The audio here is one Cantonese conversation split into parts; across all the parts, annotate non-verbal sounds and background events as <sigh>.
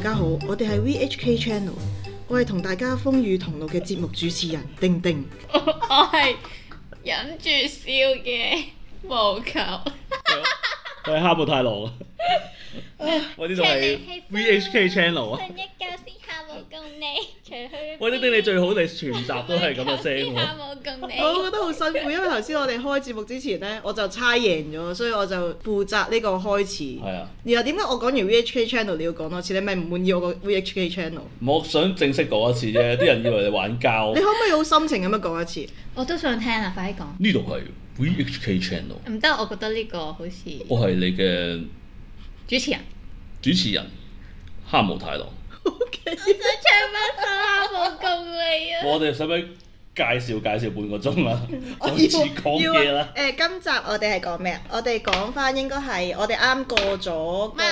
大家好，我哋係 VHK Channel，我係同大家風雨同路嘅節目主持人丁丁。 <laughs> 我係忍住笑嘅無求，我係哈姆太郎。唉我呢度係 VHK Channel 啊！一覺先下無共你，除去我啲啲你最好你全集都係咁嘅聲。 <laughs> 我覺得好辛苦，因為頭先我哋開節目之前咧，我就猜贏咗，所以我就負責呢個開始。係啊，然後點解我講完 VHK Channel 你要講多次你咪唔滿意我個 VHK Channel？我想正式講一次啫，啲 <laughs> 人以為你玩膠。你可唔可以好心情咁樣講一次？我都想聽啊，快啲講。呢度係 VHK Channel。唔得，我覺得呢個好似我係你嘅。主持人，主持人，哈姆太郎。Okay, <laughs> 我哋使唔使介紹介紹半個鐘啊？開始講嘢啦。誒要、呃，今集我哋係講咩啊？我哋講翻應該係我哋啱過咗個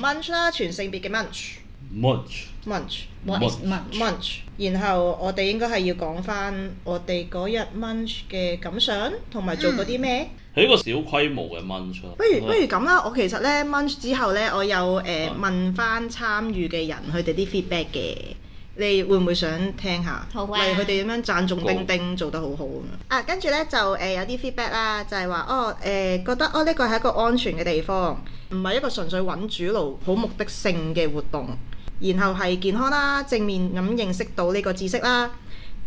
munch 啦，全性別嘅 munch。munch munch munch munch 然後我哋應該係要講翻我哋嗰日 munch 嘅感想同埋做過啲咩？嗯係一個小規模嘅 Munch，不如不如咁啦，我其實咧 Munch 之後咧，我有誒、呃、問翻參與嘅人佢哋啲 feedback 嘅，你會唔會想聽下？嗯、好例如佢哋點樣贊中丁丁做得好好啊？跟住咧就誒、呃、有啲 feedback 啦，就係、是、話哦誒、呃、覺得哦呢、這個係一個安全嘅地方，唔係一個純粹揾主路好目的性嘅活動，然後係健康啦，正面咁認識到呢個知識啦，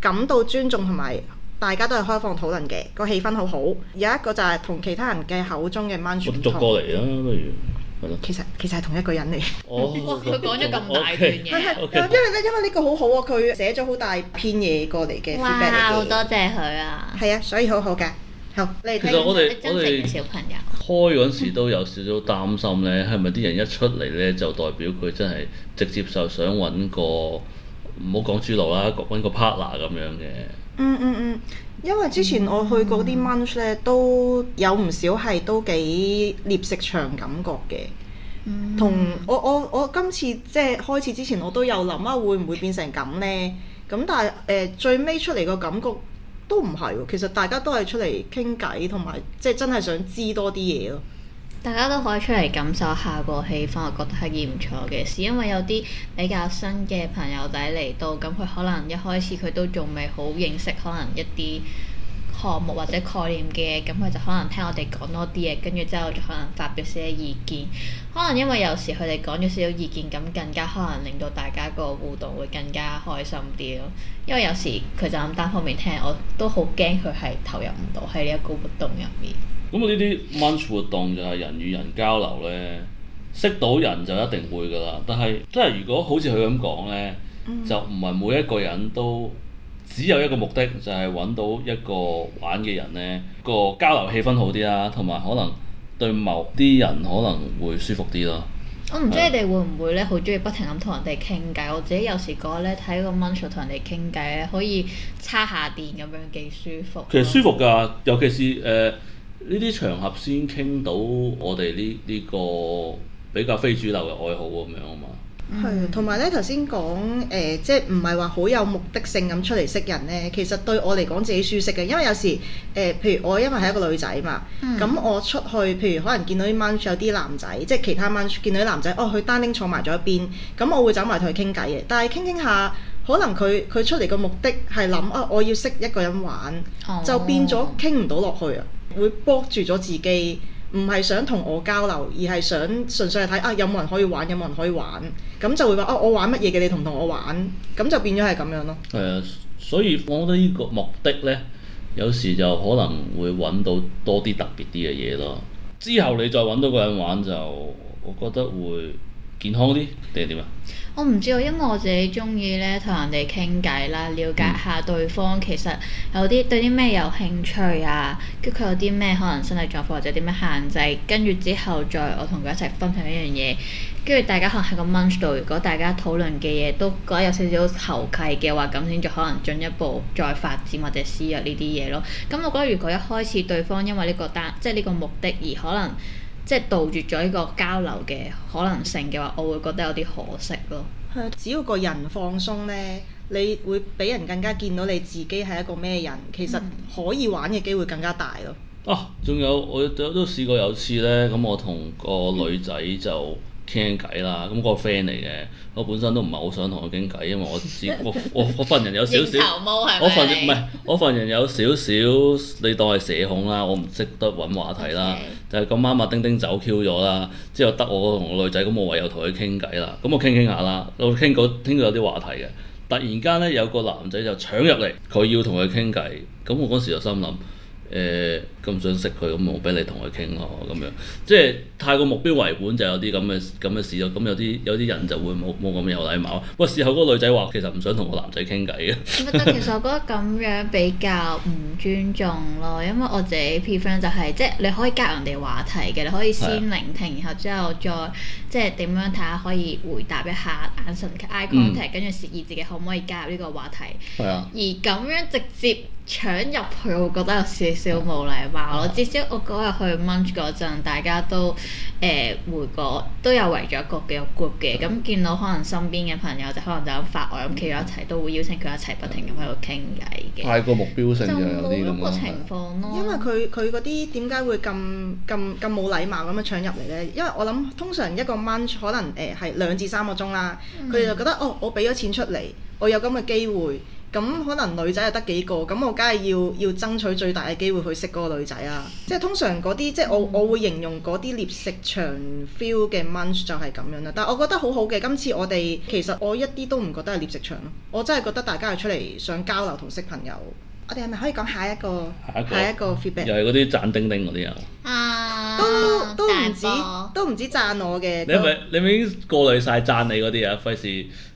感到尊重同埋。大家都係開放討論嘅，個氣氛好好。有一個就係同其他人嘅口中嘅關注。我讀過嚟啦、啊，不如其實其實係同一個人嚟。我佢講咗咁大段嘢、okay, okay, okay.，因為咧，因為呢個好好啊，佢寫咗好大篇嘢過嚟嘅。好多謝佢啊。係啊，所以好好、啊、嘅。好你睇我哋，其實我哋我哋開嗰陣時都有少少擔心咧，係咪啲人一出嚟咧就代表佢真係直接就想揾個唔好講主流啦，揾個 partner 咁樣嘅？嗯嗯嗯，因為之前我去過啲 munch 咧，嗯、都有唔少係都幾獵食場感覺嘅。嗯、同我我我今次即係開始之前，我都有諗啊，會唔會變成咁呢？咁但係誒、呃、最尾出嚟個感覺都唔係喎。其實大家都係出嚟傾偈，同埋即係真係想知多啲嘢咯。大家都可以出嚟感受下個氣氛，我覺得係件唔錯嘅事，因為有啲比較新嘅朋友仔嚟到，咁佢可能一開始佢都仲未好認識，可能一啲項目或者概念嘅，咁佢就可能聽我哋講多啲嘢，跟住之後就可能發表少少意見。可能因為有時佢哋講咗少少意見，咁更加可能令到大家個互動會更加開心啲咯。因為有時佢就咁單方面聽，我都好驚佢係投入唔到喺呢一個活動入面。咁啊！呢啲 munch 活動就係人與人交流呢，識到人就一定會噶啦。但係即係如果好似佢咁講呢，嗯、就唔係每一個人都只有一個目的，就係、是、揾到一個玩嘅人呢，個交流氣氛好啲啦、啊，同埋可能對某啲人可能會舒服啲咯、啊。我唔知你哋會唔會呢？好中意不停咁同人哋傾偈。我自己有時覺得呢，睇個 munch 同人哋傾偈咧，可以叉下電咁樣幾舒服。其實舒服噶，尤其是誒。呃呢啲場合先傾到我哋呢呢個比較非主流嘅愛好咁樣啊嘛，係啊，同埋咧頭先講誒，即係唔係話好有目的性咁出嚟識人咧？其實對我嚟講自己舒適嘅，因為有時誒、呃，譬如我因為係一個女仔嘛，咁、嗯、我出去譬如可能見到啲 munch 有啲男仔，即係其他 munch 見到啲男仔哦，佢單拎坐埋咗一邊，咁我會走埋同佢傾偈嘅。但係傾傾下，可能佢佢出嚟嘅目的係諗、嗯、啊，我要識一個人玩，哦、就變咗傾唔到落去啊。會幫住咗自己，唔係想同我交流，而係想純粹係睇啊有冇人可以玩，有冇人可以玩，咁就會話啊我玩乜嘢嘅，你同唔同我玩，咁就變咗係咁樣咯。係啊，所以我覺得呢個目的呢，有時就可能會揾到多啲特別啲嘅嘢咯。之後你再揾到個人玩，就我覺得會健康啲定係點啊？我唔知喎，因為我自己中意咧同人哋傾偈啦，了解下對方其實有啲對啲咩有興趣啊，跟佢有啲咩可能身體狀況或者點樣限制，跟住之後再我同佢一齊分享一樣嘢，跟住大家可能喺個 munch 度，如果大家討論嘅嘢都覺得有少少投契嘅話，咁先就可能進一步再發展或者私約呢啲嘢咯。咁我覺得如果一開始對方因為呢個單即係呢個目的而可能。即係杜絕咗呢個交流嘅可能性嘅話，我會覺得有啲可惜咯。只要個人放鬆呢，你會俾人更加見到你自己係一個咩人，其實可以玩嘅機會更加大咯。哦、嗯，仲、啊、有我，都試過有次呢，咁我同個女仔就，嗯傾偈啦，咁嗰個 friend 嚟嘅，我本身都唔係好想同佢傾偈，因為我自我份人有少少， <laughs> 我份唔係我份人有少少，你當係社恐啦，我唔識得揾話題啦，Okay. 就係咁啱啊，丁丁走 Q 咗啦，之後得我同女仔，咁我唯有同佢傾偈啦，咁我傾傾下啦，我傾到傾到有啲話題嘅，突然間呢，有個男仔就搶入嚟，佢要同佢傾偈，咁我嗰時就心諗。誒咁、呃、想識佢咁冇俾你同佢傾咯咁樣，即係太過目標為本就有啲咁嘅咁嘅事咯。咁有啲有啲人就會冇冇咁有禮貌。不過，事後嗰個女仔話其實唔想同個男仔傾偈嘅。 <laughs> 其實我覺得咁樣比較唔尊重咯，因為我自己 prefer 就係即係你可以加入人哋話題嘅，你可以先聆聽，的然後之後再即係點樣睇下可以回答一下眼神嘅 eye contact，跟住示意自己可唔可以加入呢個話題。係啊的。的而咁樣直接，搶入去會覺得有少少冇禮貌咯。嗯、至少我嗰日去 munch 嗰陣，大家都誒、呃、回過，都有圍咗個幾個 group 嘅。咁、嗯嗯嗯、見到可能身邊嘅朋友就可能就發呆咁企咗一齊，嗯、都會邀請佢一齊不停咁喺度傾偈嘅。嗯嗯、太過目標性嘅有啲咁嘅情況咯。因為佢佢嗰啲點解會咁咁咁冇禮貌咁樣搶入嚟咧？因為我諗通常一個 munch 可能誒係兩至三個鐘啦，佢哋就覺得哦，我俾咗錢出嚟，我有咁嘅機會。咁可能女仔又得幾個，咁我梗係要要爭取最大嘅機會去識嗰個女仔啊！即係通常嗰啲即係我我會形容嗰啲獵食場 feel 嘅 munch 就係咁樣啦。但係我覺得好好嘅，今次我哋其實我一啲都唔覺得係獵食場咯，我真係覺得大家係出嚟想交流同識朋友。我哋係咪可以講下一個下一個，下一個 feedback？又係嗰啲讚叮叮嗰啲啊？啊，都都唔止，都唔止讚我嘅。你咪你咪已經過濾晒讚你嗰啲啊，費事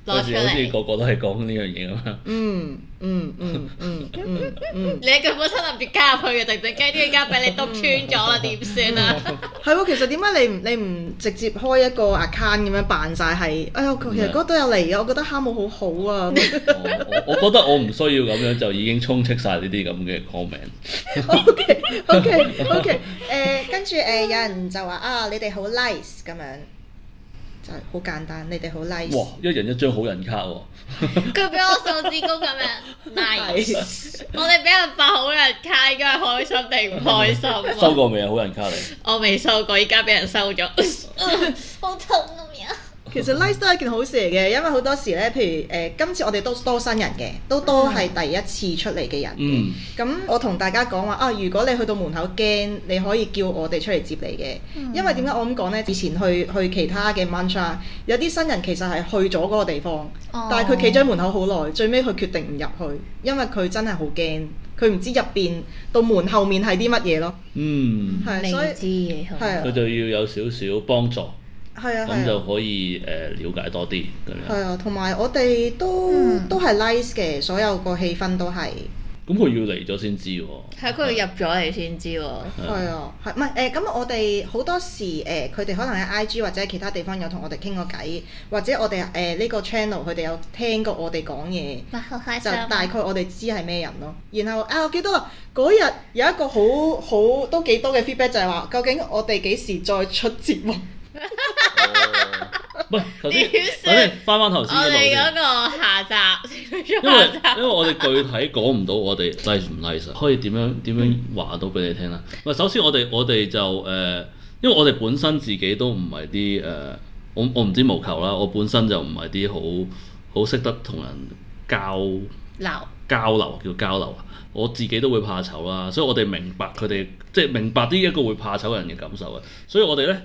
費事好似個個都係講呢樣嘢啊嘛。嗯嗯嗯嗯嗯，你根本身特別加入去嘅，直正驚啲嘢加俾你督穿咗啦，點算啊？係喎，其實點解你唔你唔直接開一個 account 咁樣扮晒？係？哎呀，其實哥都有嚟啊，我覺得哈姆好好啊。我我覺得我唔需要咁樣就已經充斥晒呢啲咁嘅 comment。O K O K O K 呃、跟住誒、呃，有人就話啊，你哋好 nice 咁樣，就好簡單，你哋好 nice。哇，一人一張好人卡喎，哦，佢 <laughs> 俾我數字工咁樣 nice， <laughs> 我哋俾人發好人卡應該係開心定唔開心，啊？ <laughs> 收過未啊，好人卡你？ <laughs> 我未收過，依家俾人收咗， <laughs> <laughs> 好痛啊！其實 nice 都係一件好事嚟嘅，因為好多時咧，譬如誒、呃，今次我哋都多新人嘅，都多係第一次出嚟嘅人的。咁、嗯、我同大家講話啊，如果你去到門口驚，你可以叫我哋出嚟接你嘅。嗯、因為點解我咁講呢？以前去去其他嘅 munch，有啲新人其實係去咗嗰個地方，哦、但係佢企咗喺門口好耐，最尾佢決定唔入去，因為佢真係好驚，佢唔知入邊到門後面係啲乜嘢咯。嗯，係，所以佢就要有少少幫助。係啊，咁、啊、就可以誒瞭、呃、解多啲。係啊，同埋我哋都都係 nice 嘅，所有個氣氛都係。咁佢要嚟咗先知喎、哦。佢要入咗嚟先知喎。啊，係唔係誒？咁、啊呃、我哋好多時誒，佢、呃、哋可能喺 IG 或者其他地方有同我哋傾過偈，或者我哋誒呢個 channel 佢哋有聽過我哋講嘢，啊啊、就大概我哋知係咩人咯。然後啊，我記得，嗰日有一個好好都幾多嘅 feedback 就係話，究竟我哋幾時再出節目？ <laughs> 哦、喂，頭先，頭先翻翻頭先嘅路線。我哋嗰個下集， <laughs> 因為因為我哋具體講唔到我哋 nice 唔 nice 可以點樣點樣話到俾你聽啦。喂，首先我哋我哋就誒、呃，因為我哋本身自己都唔係啲誒，我我唔知毛球啦，我本身就唔係啲好好識得同人交流交流叫交流啊，我自己都會怕醜啦，所以我哋明白佢哋即係明白啲一個會怕醜嘅人嘅感受啊，所以我哋咧。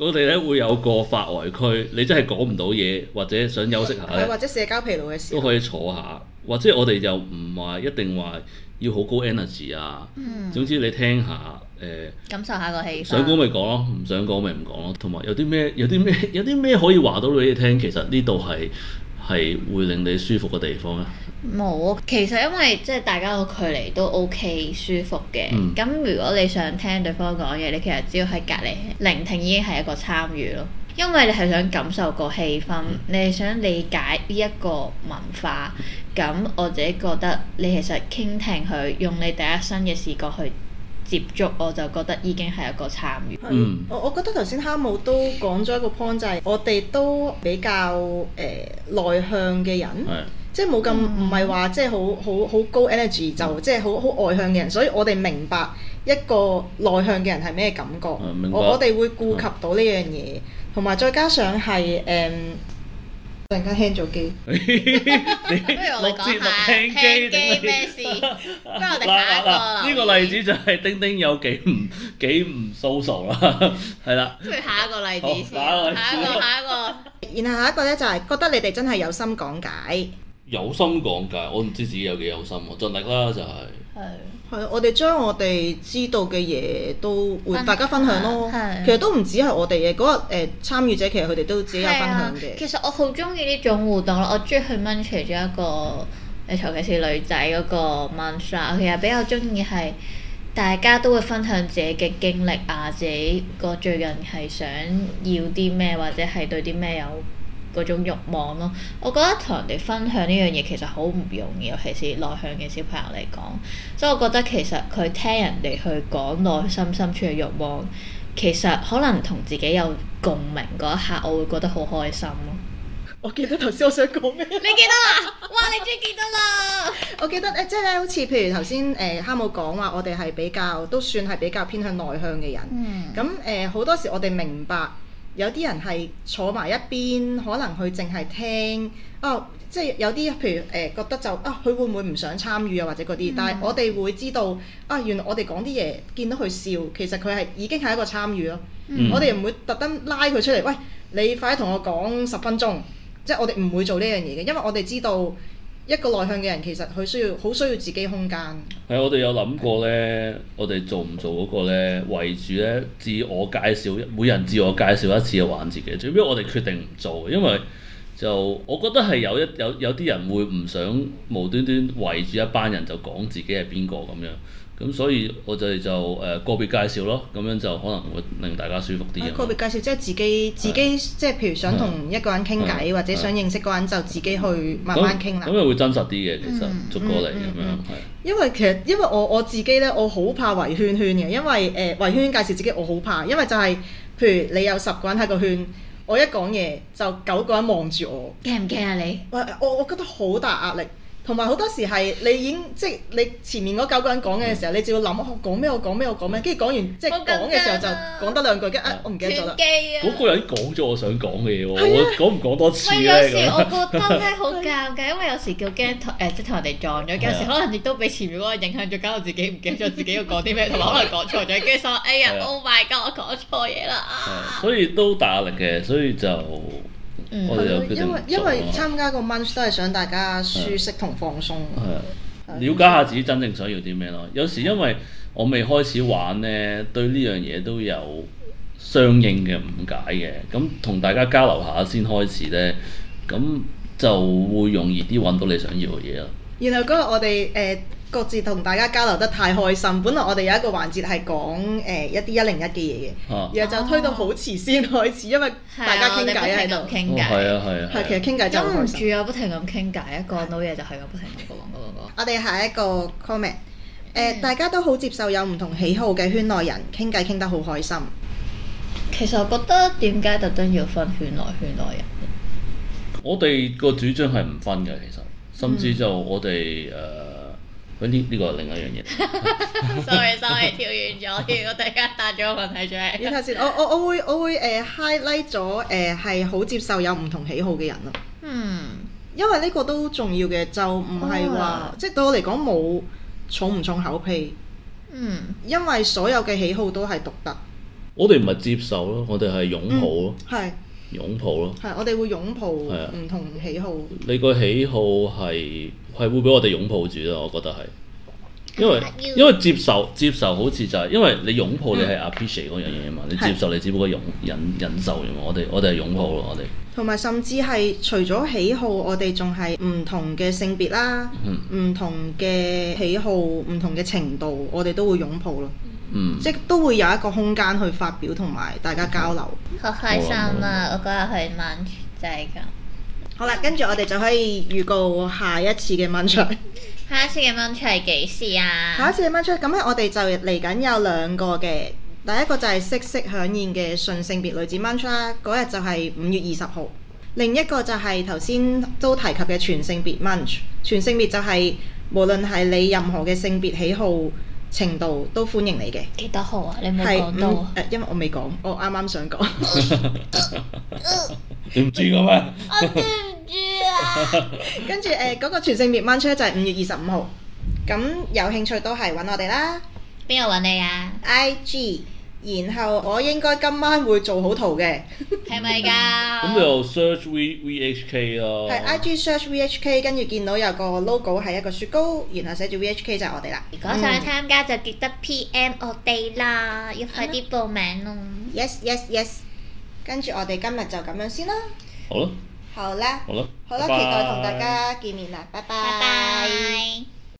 我哋咧會有個發呆區，你真係講唔到嘢或者想休息下，或者社交疲勞嘅時，都可以坐下。或者我哋又唔話一定話要好高 energy 啊。嗯、總之你聽下，誒、呃，感受下個氣氛。想講咪講咯，唔想講咪唔講咯。同埋有啲咩有啲咩有啲咩可以話到俾你聽，其實呢度係。係會令你舒服嘅地方咧，冇啊，其實因為即係、就是、大家個距離都 OK 舒服嘅。咁、嗯、如果你想聽對方講嘢，你其實只要喺隔離聆聽已經係一個參與咯。因為你係想感受個氣氛，嗯、你係想理解呢一個文化。咁我自己覺得你其實傾聽佢，用你第一身嘅視覺去。接觸我就覺得已經係一個參與。我、嗯、 <noise> 我覺得頭先哈姆都講咗一個 point 就係、是、我哋都比較誒內、呃、向嘅人，的即係冇咁，唔係話即係好好好高 energy 就即係好好外向嘅人，所以我哋明白一個內向嘅人係咩感覺。我我哋會顧及到呢樣嘢，同埋的再加上係誒。呃突然間輕咗機，不如我講下輕機咩事？ <laughs> 不如我哋嗱嗱，呢 <laughs> 個例子就係丁丁有幾唔幾唔 social 啦，係啦。不如下一個例子先，下一個下一個，一個 <laughs> 然後下一個咧就係、是、覺得你哋真係有心講解。有心講解，我唔知自己有幾有心喎，我盡力啦就係。係係的，我哋將我哋知道嘅嘢都會大家分享咯。的其實都唔止係我哋嘅，嗰、那個誒、呃、參與者其實佢哋都自己有分享嘅。其實我好中意呢種互動咯，我中意去 Munch、er、咗一個，尤其是女仔嗰個 Munch，、er，我其實比較中意係大家都會分享自己嘅經歷啊，自己個最近係想要啲咩，或者係對啲咩有嗰種慾望咯，我覺得同人哋分享呢樣嘢其實好唔容易，尤其是內向嘅小朋友嚟講。所以，我覺得其實佢聽人哋去講內心深處嘅慾望，其實可能同自己有共鳴嗰一刻，我會覺得好開心咯。我記得頭先我想講咩？你記得啦！ <laughs> 哇，你終於記得啦！ <laughs> 我記得誒，即係咧，好似譬如頭先誒哈姆講話，我哋係比較都算係比較偏向內向嘅人。嗯。咁誒，好多時我哋明白。有啲人係坐埋一邊，可能佢淨係聽啊、哦，即係有啲譬如誒、呃、覺得就啊，佢會唔會唔想參與啊，或者嗰啲？嗯、但係我哋會知道啊，原來我哋講啲嘢，見到佢笑，其實佢係已經係一個參與咯、啊。嗯、我哋唔會特登拉佢出嚟，喂，你快啲同我講十分鐘，即係我哋唔會做呢樣嘢嘅，因為我哋知道。一個內向嘅人，其實佢需要好需要自己空間。係，我哋有諗過呢，我哋做唔做嗰個呢，圍住呢，自我介紹，每人自我介紹一次嘅環節嘅？最尾我哋決定唔做，因為就我覺得係有一有有啲人會唔想無端端圍住一班人就講自己係邊個咁樣。咁、嗯、所以我哋就誒、呃、個別介紹咯，咁樣就可能會令大家舒服啲。個別介紹即係自己，是自己即係譬如想同一個人傾偈，是或者想認識個人，是就自己去慢慢傾，啦、嗯。咁樣會真實啲嘅，其實逐個嚟咁樣係。嗯嗯嗯、因為其實因為我我自己咧，我好怕圍圈圈嘅，因為誒圍、呃、圈圈介紹自己，我好怕，因為就係、是、譬如你有十個人喺個圈，我一講嘢就九個人望住我，驚唔驚啊你？我我覺得好大壓力。同埋好多時係你已經即係你前面嗰九個人講嘅時候，你就要諗講咩？我講咩？我講咩？跟住講完即係講嘅時候就講得兩句，跟啊我唔記得咗啦。嗰、啊、個人講咗我想講嘅嘢喎，我講唔講多次咧、哎、有時我覺得真係好尷尬，因為有時叫驚誒即係同人哋撞咗，有時可能亦都俾前面嗰個影響咗，搞到自己唔記得咗自己要講啲咩，同埋可能講錯咗，跟住想哎呀，哎呀，哎呀 oh my god 我講錯嘢啦、哎！所以都大壓力嘅，所以就。因為因為參加個 munch 都係想大家舒適同放鬆，了解下自己真正想要啲咩咯。有時因為我未開始玩呢，對呢樣嘢都有相應嘅誤解嘅，咁同大家交流下先開始呢，咁就會容易啲揾到你想要嘅嘢啦。然後嗰日我哋誒。呃各自同大家交流得太開心。本來我哋有一個環節係講誒一啲一零一嘅嘢嘅，然後就推到好遲先開始，因為大家傾偈喺度傾偈，係啊係啊，係其實傾偈就唔住啊，不停咁傾偈，一講到嘢就係咁不停咁講講講。我哋下一個 comment 誒，大家都好接受有唔同喜好嘅圈內人傾偈傾得好開心。其實我覺得點解特登要分圈內圈內人？我哋個主張係唔分嘅，其實甚至就我哋誒。呢呢、這個係另外一樣嘢。 <laughs> <laughs> <laughs> sorry sorry，跳完咗，我突然間答咗個問題再係。你睇先，我我我會我會誒 highlight 咗誒係好接受有唔同喜好嘅人咯。嗯，因為呢個都重要嘅，就唔係話即係對我嚟講冇重唔重口味。嗯，因為所有嘅喜好都係獨特。我哋唔係接受咯，我哋係擁抱咯。係。擁抱咯，係我哋會擁抱唔同喜好。你個喜好係係會俾我哋擁抱住咯，我覺得係，因為因為接受接受好似就係、是、因為你擁抱你係 appreciate 嗰樣嘢嘛，你接受你只不過容忍忍，忍受啫嘛，我哋我哋係擁抱咯，我哋。同埋甚至係除咗喜好，我哋仲係唔同嘅性別啦，唔、嗯、同嘅喜好，唔同嘅程度，我哋都會擁抱咯。嗯、即都會有一個空間去發表同埋大家交流，好開心啊！我嗰日去 munch 就係咁。好啦，跟住我哋就可以預告下一次嘅 munch。 <laughs> 下一次嘅 munch 係幾時啊？下一次嘅 munch，咁咧我哋就嚟緊有兩個嘅，第一個就係色色享宴嘅純性別女子 munch 啦，嗰日就係五月二十號。另一個就係頭先都提及嘅全性別 munch，全性別就係無論係你任何嘅性別喜好，程度都歡迎你嘅。幾多號啊？你冇講到誒、嗯呃，因為我未講，我啱啱想講，你唔知嘅咩？ <laughs> <laughs> 我對唔住啊！ <laughs> 跟住誒，嗰、呃那個全性別 Munch 就係五月二十五號，咁有興趣都係揾我哋啦。邊個揾你啊？IG 然後我應該今晚會做好圖嘅，係咪㗎？咁就 search VHK 咯。係 IG search VHK，跟住見到有個 logo 係一個雪糕，然後寫住 VHK 就係我哋啦。如果想參加就記得 PM 我哋啦，要快啲報名咯。 <noise> Yes yes yes，跟住我哋今日就咁樣先啦。好啦，好啦，好啦，期待同大家見面啦，拜拜。拜拜。